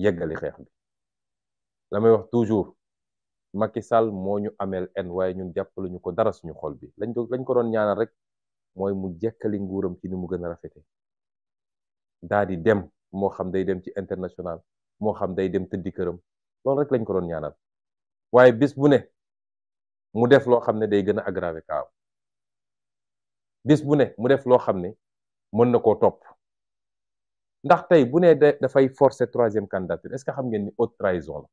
yeggali xeex bi la wax toujours Macky Sall moo ñu ameel en waaye ñun jàppalu ñu ko dara suñu xol bi lañ ko lañ ko doon ñaanal rek mooy mu jekkali nguuram ci ni mu gën a rafete daa di dem moo xam day dem ci international moo xam day dem tëddi këram loolu rek lañ ko doon ñaanal waaye bis bu ne mu def loo xam ne day gën a aggraver kaaw bis bu ne mu def loo xam ne mën na koo topp ndax tey bu nee dafay forcer troisième candidature es ce que xam ngeen ni haute trahison la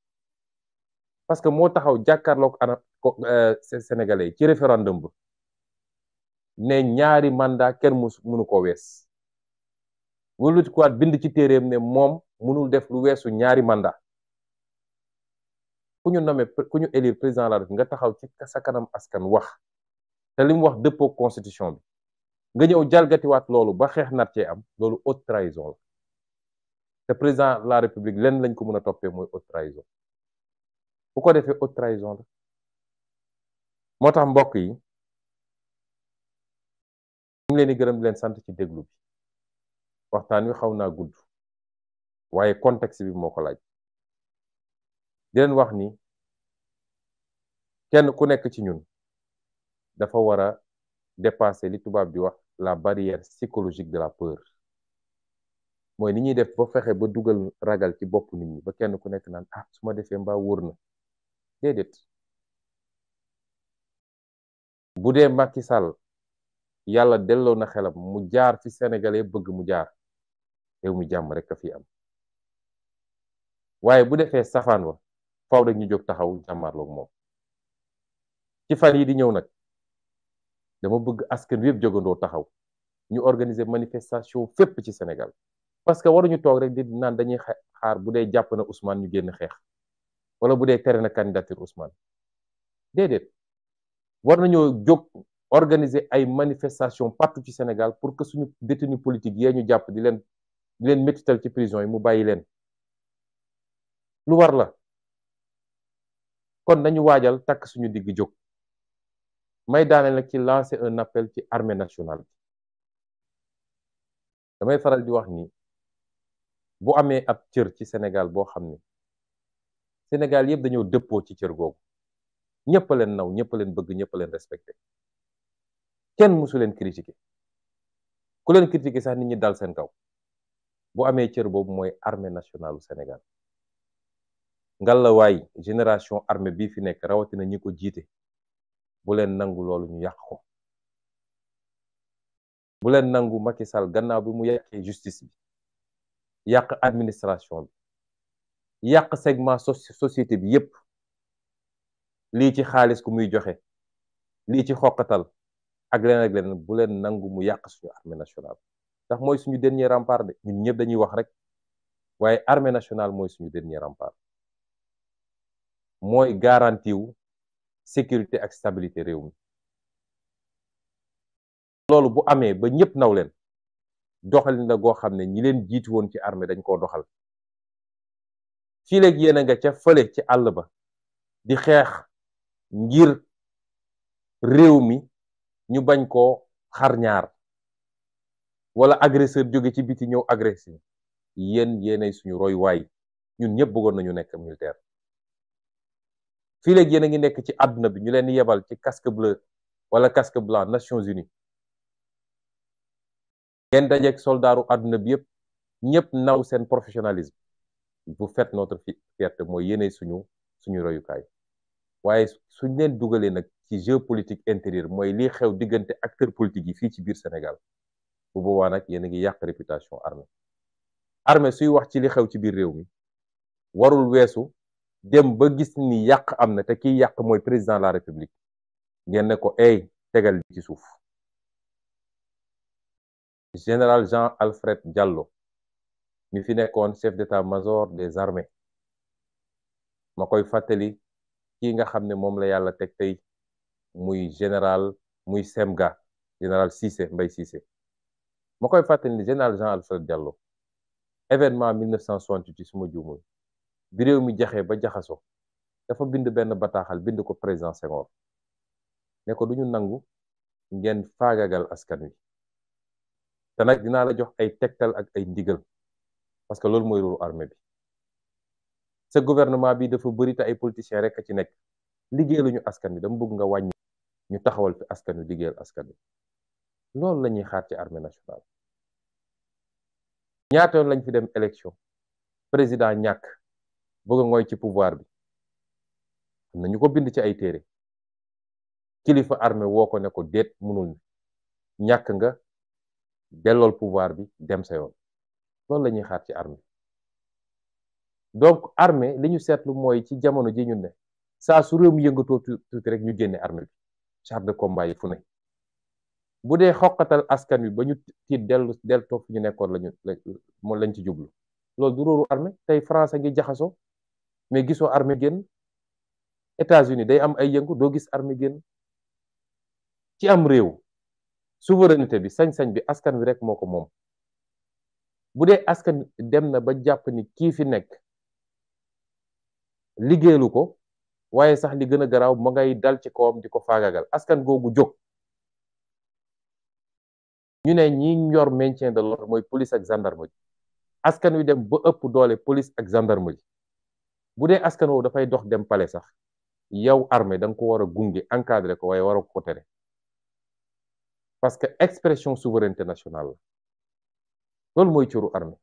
parce que moo taxaw jàkkaarloog ana euh, sénégalais yi ci référendum ba ne ñaari mandat kenn mu mënu ko wees mu lutikuwaat bind ci téeréem ne moom mënul def lu weesu ñaari mandat ku ñu nommé ku ñu élire président de la nga taxaw ci sa kanam askan wax te li mu wax dëppoo constitution bi nga ñëw jalgatiwaat loolu ba xeex nar cee am loolu haute trahison la te président la république lenn lañ ko mën a toppee mooy haute trahison bu ko defee haute trahison la moo tax mbokk yi mu ngi leen di gërëm leen sant ci déglu bi waxtaan wi xaw naa gudd waaye contexte bi moo ko laaj di leen wax ni kenn ku nekk ci ñun dafa war a dépasser li tubaab bi wax la barrière psychologique de la peur mooy ni ñuy def ba fexe ba dugal ragal ci bopp nit ñi ba kenn ku nekk naan ah suma defee mbaa wóor na déedéet bu dee Macky Sall yàlla delloo na xelam mu jaar fi sénégalais bëgg mu jaar réew mu jàmm rek a fi am waaye bu defee safaan wa faw rek ñu jóg taxaw jàmmaarloog moom ci fan yi di ñëw nag dama bëgg askan wi yëpp jógandoo taxaw ñu organiser manifestation fépp ci senegal parce que ñu toog rek di naan dañuy xaar bu dee jàpp na Ousmane ñu génn xeex wala bu dee tere na candidature Ousmane déedéet war nañoo jóg organiser ay manifestation partout ci Sénégal pour que suñu détenu politique yee ñu jàpp di leen di leen métital ci prison yi mu bàyyi leen lu war la kon dañu waajal takk suñu digg jóg may daane nag ci lancer un appel ci armée nationale damay faral di wax nii bu amee ab cër ci Sénégal boo xam ne Sénégal yëpp dañoo dëppoo ci cër googu ñëpp a naw ñëpp leen bëgg ñëpp a leen respecté kenn mësu leen critiqué ku leen critiqué sax nit ñi dal seen kaw bu amee cër boobu mooy armée nationalu Sénégal ngalawaay génération armée bii fi nekk rawatina ñi ko jiite bu leen nangu loolu ñu yàq ko bu leen nangu Macky Sall gannaaw bi mu yàqee justice bi yàq administration bi yàq segment société bi yépp lii ci xaalis ku muy joxe lii ci xoqatal ak leneen ak leneen bu leen nangu mu yàq suñu armée nationale ndax mooy suñu dernier rempart de ñun ñëpp dañuy wax rek waaye armée nationale mooy suñu dernier rempart mooy garantiw sécurité ak stabilité réew mi loolu bu amee ba ñëpp naw leen doxalin la goo xam ne ñi leen jiitu woon ci armée dañ koo doxal fileeg yéen a nga ca fële ci àll ba di xeex ngir réew mi ñu bañ ko xar ñaar wala agresseur jóge ci biti ñëw agressé yéen yéenay suñu roy waay ñun ñëpp bëggoon na ñu nekk militaire fii léegi a ngi nekk ci àdduna bi ñu leen yebal ci casque bleu wala casque blanc Nations Unies ngeen dajeeg soldaaru àdduna bi yëpp ñëpp naw seen professionnalisme vous faites notre fierté mooy yéene suñu suñu royukaay waaye suñ leen dugalee nag ci jeu politique intérieur mooy lii xew diggante acteur politique yi fii ci biir Sénégal bu boobaa nag yéen a ngi yàq réputation armée armée suy wax ci li xew ci biir réew mi warul weesu dem ba gis ni yàq am na te kiy yàq mooy président la république ngeen ne ko ay tegal li ci suuf général Jean Alfred Diallo mi fi nekkoon chef d'état-major des armées ma koy fàttali kii nga xam ne moom la yàlla teg tey muy général muy semga général Cissé Mbaye Cissé ma koy fàttali ni général Jean Alfred Diallo événement 1968 su ma juumul bi réew mi jaxee ba jaxaso dafa bind benn bataaxal bind ko président Senghor ne ko duñu nangu ngeen faagagal askan wi te nag dinaa la jox ay tegtal ak ay ndigal parce que loolu mooy rôle armée bi sa gouvernement bi dafa bëri te ay politiciens rek a ci nekk liggéey liggéeyaluñu askan wi dama bëgg nga wàññi ñu taxawal fi askan wi liggéeyal askan wi loolu lañuy xaar ci armée nationale. ñaata yoon lañ fi dem élection président ñàkk bëgg a ci pouvoir bi am na ñu ko bind ci ay téere kilifa armée woo ko ne ko déet mënul ñàkk nga. dellool pouvoir bi dem sa yoon loolu la ñuy xaar ci armée donc armée li ñu seetlu mooy ci jamono ji ñun ne saa su réew mi yëngatoo tuuti rek ñu génne armée bi char de combat yi fu ne bu dee xoqatal askan wi ba ñu tiit dellu del toog fi ñu nekkoon lañu moom lañ ci jublu loolu du róoru armée tey France a ngi jaxasoo mais gisoo armée génn États-Unis day am ay yëngu doo gis armée génn ci am réew souveraineté bi sañ-sañ bi askan wi rek moo ko moom bu dee askan dem na ba jàpp ni kii fi nekk liggéeyalu ko waaye sax li gën a garaaw ma ngay dal ci kawam di ko faagagal askan googu jóg ñu ne ñi ñor maintien de l'ordre mooy police ak gendarmerie askan wi dem ba ëpp doole police ak gendarmerie bu dee askan woowu dafay dox dem pale sax yow armée danga ko war a gunge encadré ko waaye war ko tere parce que expression souveraineté nationale la loolu mooy cëru armée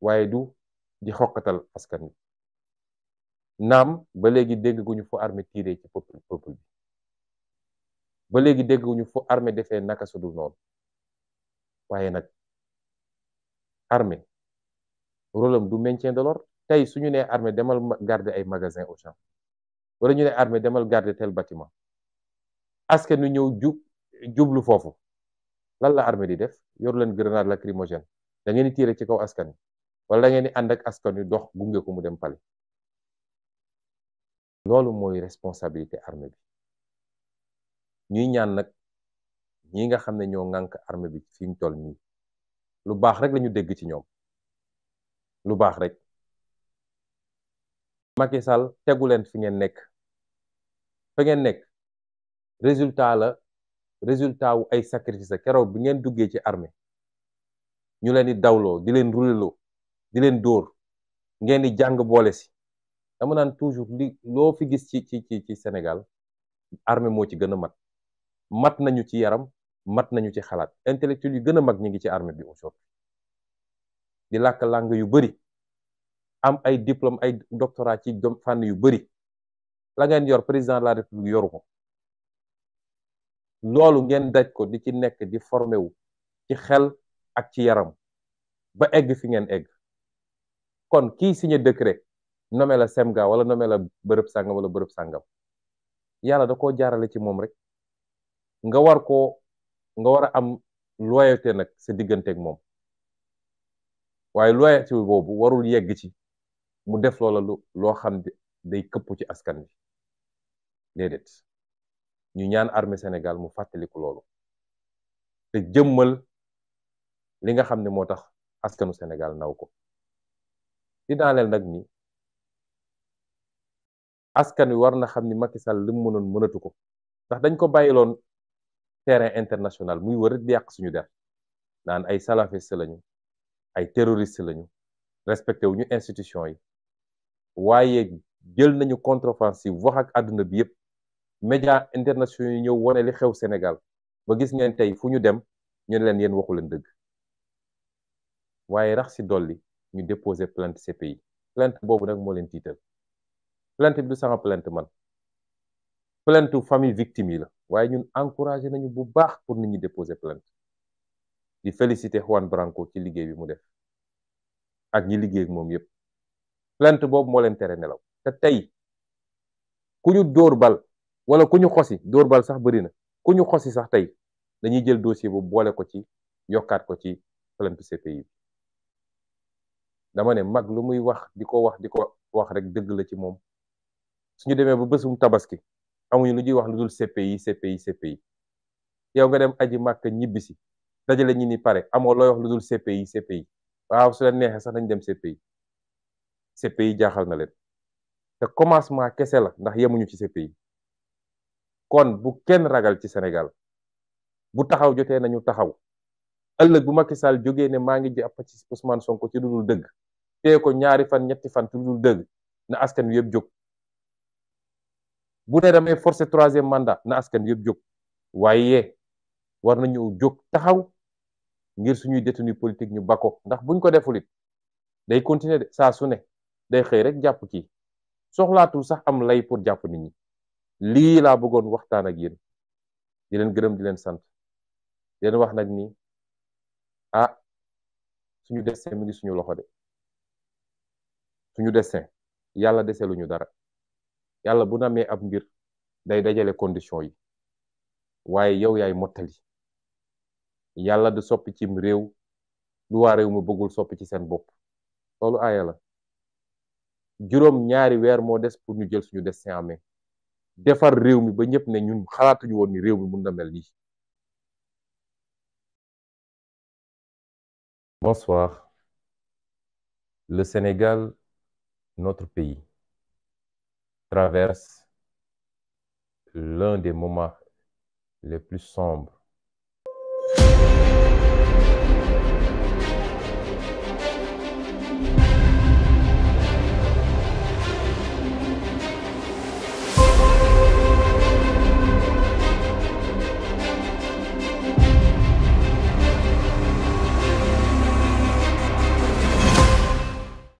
waaye du di xoqatal askan wi naam ba léegi dégg gu ñu fu armée tiré ci peuple peuple bi ba léegi dégg gu ñu fu armée defee naka su noonu waaye nag armée rôle am du maintien de l'ordre tey su ñu nee armée demal garder ay magasin Auchan wala ñu ne armée demal garder tel bâtiment askan wi ñëw jub. jublu foofu lan la armée di def yor leen grenade lacrymogène da ngeen di tiire ci kaw askan wi wala da ngeen di ànd ak askan yu dox gunge ko mu dem pale loolu mooy responsabilité armée bi ñuy ñaan nag ñi nga xam ne ñoo ŋànk armée bi fi mu toll lu baax rek lañu dégg ci ñoom lu baax rek Macky Sall tegu leen fi ngeen nekk fa ngeen nekk résultat la résultat wu ay sacrifice keroog bi ngeen duggee ci armée ñu leen di dawloo di leen ruleloo di leen dóor ngeen di jàng boole si dama naan toujours loo fi gis ci ci ci ci Sénégal armée moo ci gën a mat mat nañu ci yaram mat nañu ci xalaat intellectuel yu gën a mag ñi ngi ci armée bi aujourd'hui di làkk làng yu bari am ay diplôme ay doctorat ci fànn yu bari la ngeen yor président de la république yoru ko loolu ngeen daj ko di ci nekk di formé wu ci xel ak ci yaram ba egg fi ngeen egg kon kii signé dëkkre nommé la semga wala nommé la bërëb sàngam wala bërëb sàngam yàlla da koo jaarale ci moom rek nga war koo nga war a am loyauté nag sa digganteeg moom waaye loyauté boobu warul yegg ci mu def loola lu loo xam day këppu ci askan bi déedéet ñu ñaan armée Sénégal mu fàttaliku loolu te jëmmal li nga xam ne moo tax askanu Sénégal naw ko di daaneel nag ni askan wi war na xam ni Macky Sall li mënoon mënatu ko ndax dañ ko bàyyiloon terrain international muy wër di yàq suñu der naan ay salafiste lañu ay terroriste lañu respecté wu ñu institution yi waaye jël nañu contre-offensive wax ak àdduna bi yëpp. média internationaux yi ñëw wane li xew senegal ba gis ngeen tey fu ñu dem ñu leen yenn waxu leen dëgg waaye rax si dolli ñu déposé plainte CPI plainte boobu nag moo leen tiital plainte bi du sama plainte man plainte famille victime yi la waaye ñun encouragé nañu bu baax pour nit ñi déposer plainte di féliciter Juan Branco ci liggéey bi mu def ak ñi liggéey moom yëpp plainte boobu moo leen tere nelaw te tey ku ñu dóor bal wala ku ñu xosi dóor bal sax bëri na ku ñu xosi sax tey dañuy jël dossier bu boole ko ci yokkaat ko ci plainte CPI bi dama ne mag lu muy wax di ko wax di ko wax rek dëgg la ci moom suñu demee ba bésum tabaski amuñu lu ñuy wax lu dul CPI CPI CPI yow nga dem aji màkk ñibbisi dajale ñi ni pare amoo looy wax lu dul CPI CPI waaw su leen neexee sax nañ dem CPI CPI jaaxal na leen te commencement kese la ndax yemuñu ci CPI kon bu kenn ragal ci Sénégal bu taxaw jotee nañu taxaw ëllëg bu Macky Sall jógee ne maa ngi jàpp ci Ousmane Sonko ci lu dul dëgg tee ko ñaari fan ñetti fan ci lu dul dëgg na askan wi yëpp jog bu ne damay forcer troisième mandat na askan wi yëpp jóg waaye war nañu jóg taxaw ngir suñuy détenu politique ñu bako ndax buñ ko defulit day continuer de saa su ne day xëy rek jàpp kii soxlaatul sax am lay pour jàpp nit ñi lii laa bëggoon waxtaan ak yéen di leen gërëm di leen sant di wax nag ni ah suñu destin mi ngi suñu loxo de suñu destin yàlla deseluñu dara yàlla bu namee ab mbir day dajale condition yi waaye yow yaay mottali yàlla du soppi cim réew lu waa réew mu bëggul soppi ci seen bopp loolu aaya la juróom ñaari weer moo des pour ñu jël suñu destin amee defar réew mi ba ñëpp ne ñun xalaatuñu woon réew mi mun na mel nii. Bonsoir. Le Sénégal, notre pays, traverse l'un des moments les plus sombres